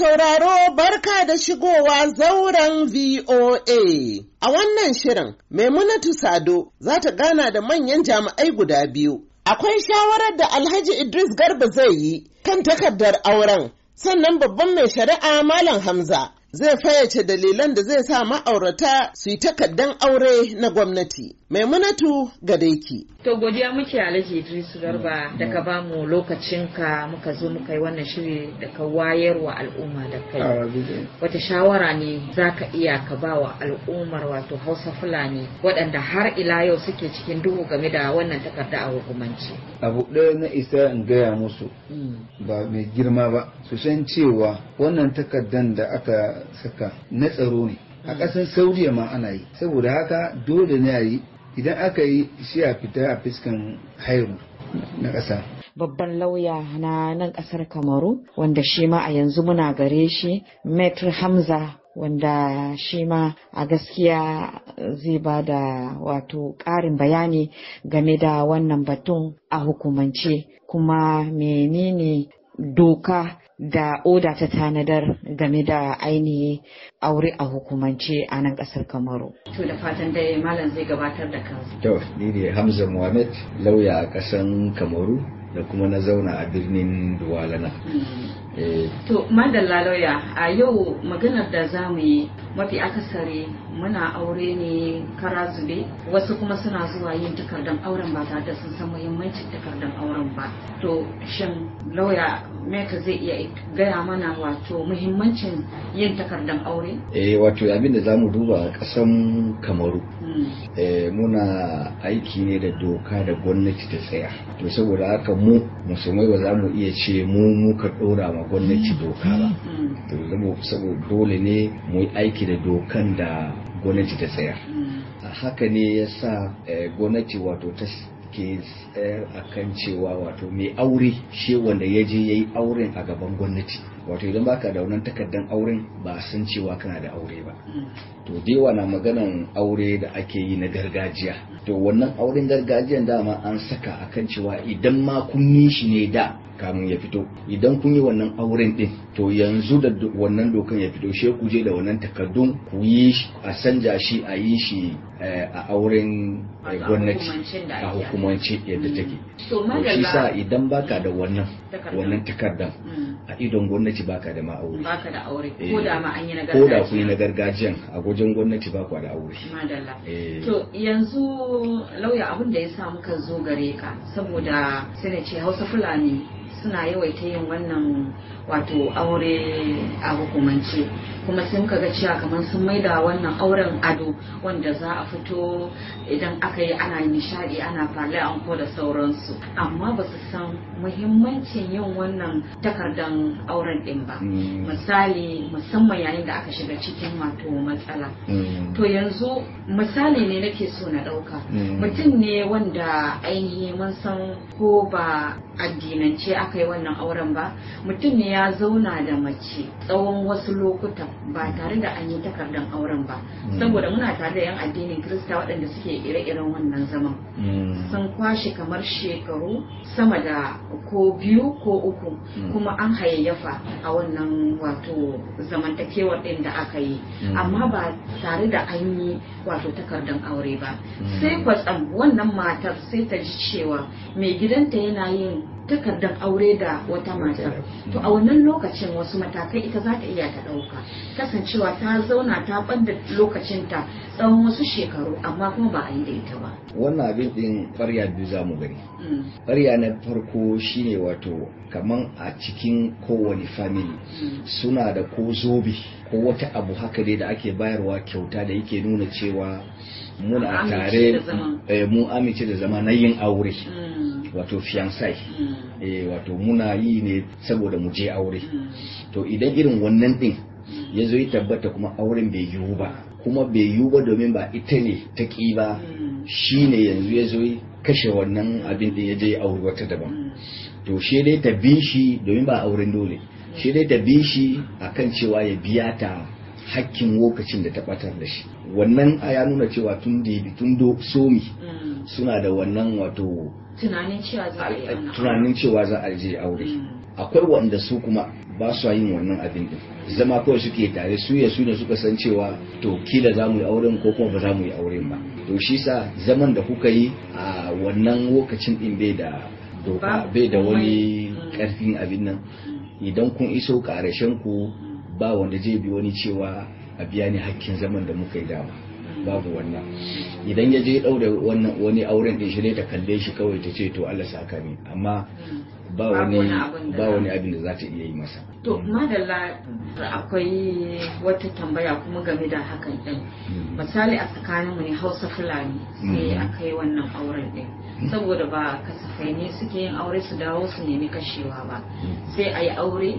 sauraro barka da shigowa zauren VOA. A wannan shirin, Maimunatu Sado za ta gana da manyan jami'ai guda biyu. Akwai shawarar da Alhaji Idris Garba zai yi kan takardar auren, sannan babban mai shari'a Malam Hamza zai fayyace dalilan da zai sa ma'aurata su yi takardar aure na gwamnati. Maimunatu Gadeki. To godiya muke Alhaji Idris Garba da ka ba mu lokacinka muka zo muka yi wannan shiri da ka wayarwa al'umma da kai. Wata shawara ne za ka iya ka ba wa al'ummar wato Hausa Fulani waɗanda har ila yau suke cikin duhu game da wannan takarda a hukumanci. Abu ɗaya na isa in gaya musu mm. ba mai girma ba su san cewa wannan takardan da aka saka na tsaro ne. a mm. ƙasar saudiya ma ana yi saboda haka dole ne a yi idan aka yi shi a fita a fiskan hairu na ƙasa. Babban lauya na nan ƙasar Kamaru wanda shi ma a yanzu muna gare shi Metr Hamza wanda shi ma a gaskiya zai ba da wato ƙarin bayani game da wannan batun a hukumance kuma menene doka da oda ta tanadar game da ainihi aure a hukumance a nan kasar kamaru. To da fatan dai malam zai gabatar da kansa. To ni ne Hamza Muhammad lauya a kasan Kamaru da kuma na zauna a birnin duwalana mm. eh. to madalla lauya a yau maganar da za mu yi mafi akasari muna aure ne kara zube wasu kuma suna zuwa yin takardar auren ba tare da sun san muhimmancin takardar auren ba to shin lauya meka zai iya gaya mana wato muhimmancin yin takardar aure eh wato abin da za mu duba a kasan kamaru mm. eh, muna aiki ne da doka da gwamnati ta tsaya to saboda haka mu musulmai ba za mu iya ce mu muka ɗora ma gwamnati doka ba to zama saboda dole ne mu yi aiki da dokan da gwamnati ta tsayar haka ne ya sa eh, gwamnati wato ta ke tsayar a kan cewa wato mai aure shi wanda ya je ya yi auren a gaban gwamnati wato idan baka da wannan takardan auren ba san cewa kana da aure ba hmm. to dai wannan na maganan aure da ake yi na gargajiya to wannan auren gargajiyan dama an saka akan cewa idan ma kun shi ne da Kamun ya fito idan kun yi wannan auren din to yanzu da wannan dokan ya fito she ku je da wannan takardun ku yi a sanja shi a yi shi eh, a auren eh, gwamnati a hukumance yadda mm. take shi sa idan baka da wannan wannan takardan mm. a idon gwamnati baka da ma aure baka da aure eh, ko da ma an yi na gargajiya ko da ku yi na gargajiyan a gwajin gwamnati baka da aure to yanzu lauya abin da ya sa muka zo gare ka saboda sai ce Hausa Fulani suna yawaita yin wannan wato aure a hukumance kuma sun kaga cewa kamar sun maida wannan auren ado wanda za a fito idan aka yi ana nishadi ana fale ko da sauransu amma ba su san muhimmancin yin wannan takardan auren din ba mm. misali musamman yayin da aka shiga cikin wato matsala mm. to yanzu misali ne nake so na dauka mm. mutum ne wanda ainihin mun san ko ba addinance aka yi wannan auren ba mutum ne ya zauna da mace tsawon wasu lokuta ba tare da an yi takardar auren ba mm. saboda muna tare da 'yan addinin krista waɗanda suke ire-iren wannan zaman mm. sun kwashe kamar shekaru sama da ko biyu ko uku mm. kuma an hayayyafa a wannan wato zamantakewar ɗin da aka yi amma ba tare da an yi wato takardar aure ba sai kwatsam wannan matar sai ta ji cewa mai gidanta yana yin takardar aure da wata matar to a wannan lokacin wasu matakai ita za ta iya ta ɗauka kasancewa ta zauna ta ɓanda lokacinta tsawon wasu shekaru amma kuma ba a yi da ita ba wannan abin ɗin ƙwarya biyu za mu gani mm. Ƙarya na farko shine wato kamar a cikin kowane family mm. suna da ko zobe ko wata abu haka ne da ake bayarwa kyauta da yake nuna cewa muna tare eh, mu amince da zama na yin aure mm. wato fiyansai mm. eh wato muna yi ne saboda mu je aure mm. to idan irin wannan din mm. ya zo ya tabbata kuma auren bai yiwu ba kuma bai yiwu ba domin ba ita ne ta ƙi ba shi ne yanzu ya zo kashe wannan abin da ya je aure wata daban to shi dai ta bi shi domin ba auren dole shi dai ta bi shi akan cewa ya biya ta hakkin lokacin da ta batar da shi wannan ya nuna cewa tun da tun do somi suna da wannan wato tunanin cewa za a je aure hmm. akwai wanda su kuma ba su yin wannan abin din zama kawai suke tare su ya su ne suka san cewa to kila za mu yi auren ko kuma ba za mu yi auren ba to shi sa zaman da kuka yi a wannan lokacin din bai da doka bai da wani karfin hmm. abin nan hmm. idan kun iso karashen ku ba wanda zai bi wani cewa a biya ni hakkin zaman da muka yi dama babu wannan idan ya je daure wannan wani auren din shi ne ta kalle shi kawai ta ce to Allah saka ni amma ba wani ba wani abin da za ta iya yi masa to mm. madalla akwai wata tambaya kuma game da hakan din mm. misali a tsakanin mu ne Hausa Fulani sai mm. aka yi wannan auren din saboda ba kasafai ne suke yin aure su dawo su nemi kashewa ba sai a yi aure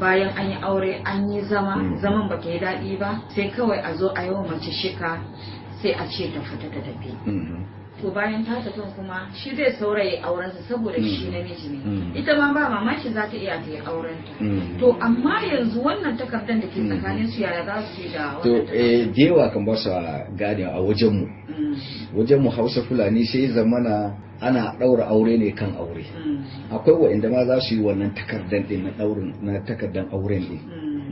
bayan an yi aure an yi zama zaman ba yi daɗi ba sai kawai a zo a yi wa mace shika sai a ce ta fita ta tafi mm-hmm. to bayan ta tafi kuma shi zai saurayi aurensa saboda shi mm. namiji ne mm. ita ma ba mamaki za ta iya ta yi aurenta mm. to amma yanzu wannan takardar da ke tsakanin su yaya za su yi da to eh dewa kan ba su gane a wajen mu wajen mu Hausa Fulani sai zamana ana ɗaura aure ne kan aure akwai wa'inda ma za su yi wannan takardar din na takardar auren din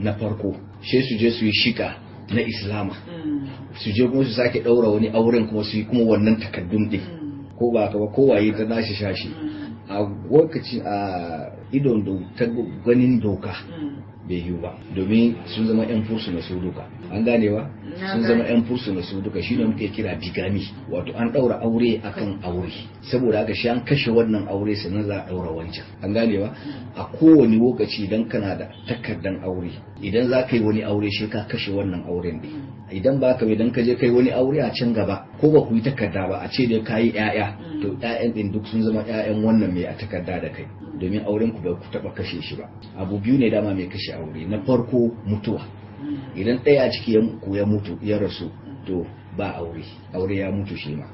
na farko sai su je su yi shika na islama mm. su je kuma su sake ɗaura wani auren kuma su yi kuma wannan takaddun ɗin mm. ko ba ka ba kowaye ta nashi shashi mm. a lokacin a idon ta ganin doka bai yiwu ba domin sun zama yan fursu na su doka an ganewa sun zama yan na su duka shi ne muke kira bigami wato an ɗaura aure akan aure saboda haka shi an kashe wannan aure sannan za a ɗaura wancan an gane ba a kowane lokaci idan kana da takardan aure idan za ka yi wani aure shi ka kashe wannan auren ne idan ba ka idan ka je kai wani aure a can gaba ko ba ku yi takarda ba a ce da ka yi 'ya'ya mm. to 'ya'yan ɗin duk sun zama 'ya'yan wannan mai a takarda da kai domin auren ku ba ku taɓa kashe shi ba abu biyu ne dama mai kashe aure na farko mutuwa idan ɗaya a ciki ya mutu ya rasu to ba aure aure ya mutu shi ma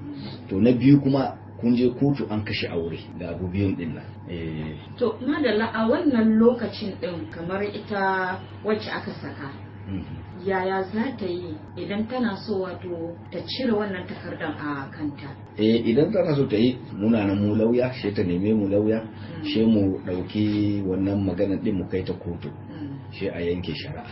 to na biyu kuma kun je kotu an kashe aure da abu biyun din nan. Eh. To madalla a wannan lokacin ɗin kamar ita wacce aka saka. Mm-hmm. Yaya za ta yi idan tana so wato ta cire wannan takardar a kanta? Eh idan tana so ta yi muna na mu lauya ta neme mu lauya mm. sai mu ɗauki wannan maganar ɗin mu kai ta kotu. Mm. shi a yanke shari'a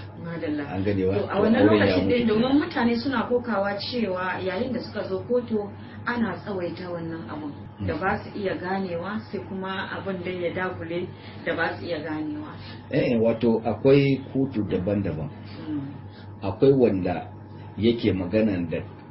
an gani wa a wannan lokacin domin mutane suna kokawa cewa yayin da suka zo kotu ana tsawaita wannan abun da ba su iya ganewa sai kuma abin da ya dagule da ba su iya ganewa eh wato akwai kotu daban-daban hmm. akwai wanda yake magana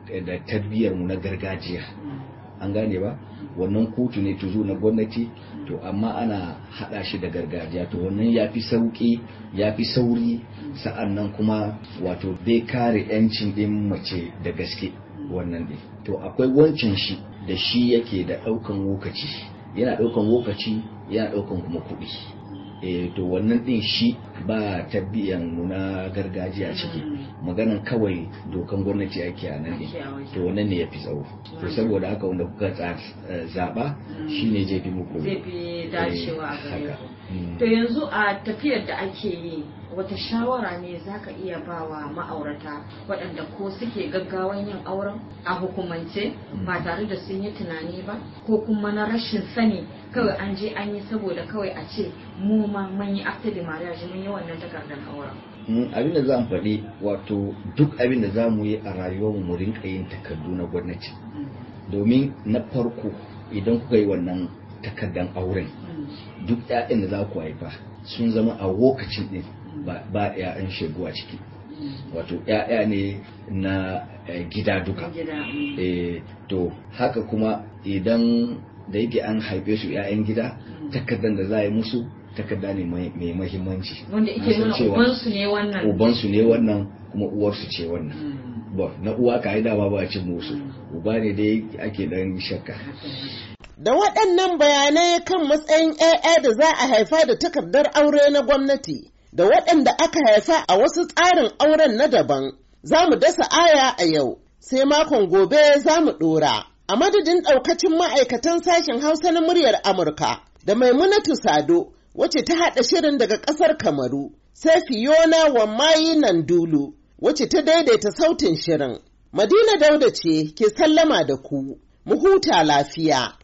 da tarbiyyar mu na gargajiya hmm. an gane ba wannan kotu ne tuzo na gwamnati to amma ana hada shi da gargajiya to wannan ya fi sauki ya fi sauri sa'an nan kuma wato bai kare 'yancin ɗin mace da gaske wannan ne, to akwai wancan shi da shi yake da ɗaukan lokaci yana ɗaukan lokaci yana ɗaukan kuma kuɗi Eh, to wannan din shi ba tabbiyan na gargajiya ciki mm. maganan kawai dokan gwamnati ake a nan ne to wannan ne ya fi tsawo to saboda haka wanda kuka eh, zaba mm. shine zai fi muku zai fi dacewa a gare eh, mm. to yanzu a tafiyar da ake yi wata shawara ne za ka iya ba wa ma'aurata waɗanda ko suke gaggawan yin auren a hukumance ba tare da sun yi tunani ba ko kuma na rashin sani kawai an je an yi saboda kawai a ce mu ma mun yi after the marriage mun yi wannan takardar auren mm, abin da za mu faɗi wato duk abin da za mu yi a rayuwar mu rinka yin takardu na gwamnati mm. domin na farko idan kuka yi wannan takardan auren mm. duk 'ya'yan da za ku haifa sun zama a lokacin ɗin ba 'ya'yan shegu ciki wato 'ya'ya ne na eh, gida duka mm. eh, to haka kuma idan da yake an haife su 'ya'yan gida mm. takardar da za a yi musu takarda ne mai mahimmanci wanda ike nuna ubansu ne wannan kuma uwarsu ce wannan mm. ba na uwa ka dama ba cin musu uba ne dai ake dan shakka da waɗannan bayanai kan matsayin 'ya'ya da za a haifa da takardar aure na gwamnati da waɗanda aka haifa a wasu tsarin auren na daban. Za mu dasa aya a yau, sai makon gobe za mu ɗora. A madadin ɗaukacin ma'aikatan sashen Hausa na muryar Amurka da Maimunatu Sado wacce ta haɗa shirin daga ƙasar Kamaru, sai Fiona Wammayi Dulu wacce ta daidaita sautin shirin. Madina Dauda ce ke sallama da ku, mu huta lafiya.